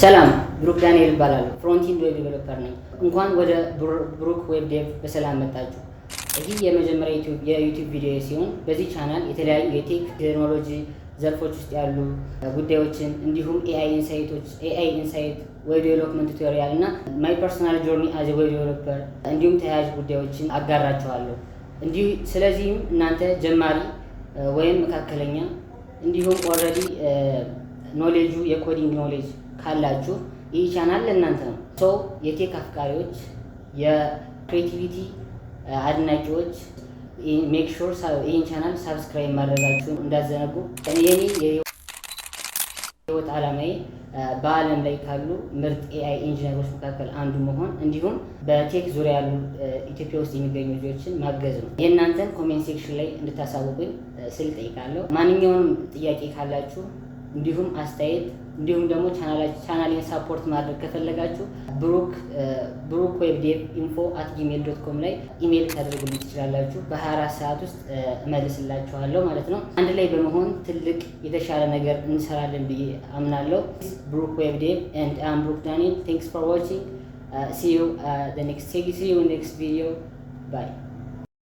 ሰላም ብሩክ ዳንኤል እባላለሁ። ፍሮንቲንድ ዌብ ዴቨሎፐር ነኝ። እንኳን ወደ ብሩክ ዌብ ዴቭ በሰላም መጣችሁ። ይህ የመጀመሪያ የዩቲዩብ ቪዲዮ ሲሆን በዚህ ቻናል የተለያዩ የቴክ ቴክኖሎጂ ዘርፎች ውስጥ ያሉ ጉዳዮችን እንዲሁም ኤአይ ኢንሳይቶች፣ ኤአይ ኢንሳይት፣ ዌብ ዴቨሎፕመንት ቱቶሪያል እና ማይ ፐርሶናል ጆርኒ አዝ ዌብ ዴቨሎፐር እንዲሁም ተያያዥ ጉዳዮችን አጋራችኋለሁ። እንዲሁ ስለዚህም እናንተ ጀማሪ ወይም መካከለኛ እንዲሁም ኦልሬዲ ኖሌጁ የኮዲንግ ኖሌጅ ካላችሁ ይህ ቻናል ለእናንተ ነው። ሰው የቴክ አፍቃሪዎች፣ የክሬቲቪቲ አድናቂዎች ሜክ ሹር ይህን ቻናል ሳብስክራይብ ማድረጋችሁ እንዳዘነጉ። የኔ የህይወት አላማ በዓለም ላይ ካሉ ምርጥ ኤአይ ኢንጂነሮች መካከል አንዱ መሆን እንዲሁም በቴክ ዙሪያ ያሉ ኢትዮጵያ ውስጥ የሚገኙ ልጆችን ማገዝ ነው። የእናንተን ኮሜንት ሴክሽን ላይ እንድታሳውቁኝ ስል ጠይቃለሁ። ማንኛውንም ጥያቄ ካላችሁ እንዲሁም አስተያየት እንዲሁም ደግሞ ቻናሌን ሳፖርት ማድረግ ከፈለጋችሁ ብሩክ ብሩክ ዌብ ዴቭ ኢንፎ አት ጂሜል ዶት ኮም ላይ ኢሜይል ታደርጉልኝ ትችላላችሁ። በ24 ሰዓት ውስጥ እመልስላችኋለሁ ማለት ነው። አንድ ላይ በመሆን ትልቅ የተሻለ ነገር እንሰራለን ብዬ አምናለሁ። ብሩክ ዌብ ዴቭ ኤንድ አም ብሩክ ዳኒል ቴንክስ ፎር ዋቺንግ ኔክስት ሲዩ ኔክስት ቪዲዮ ባይ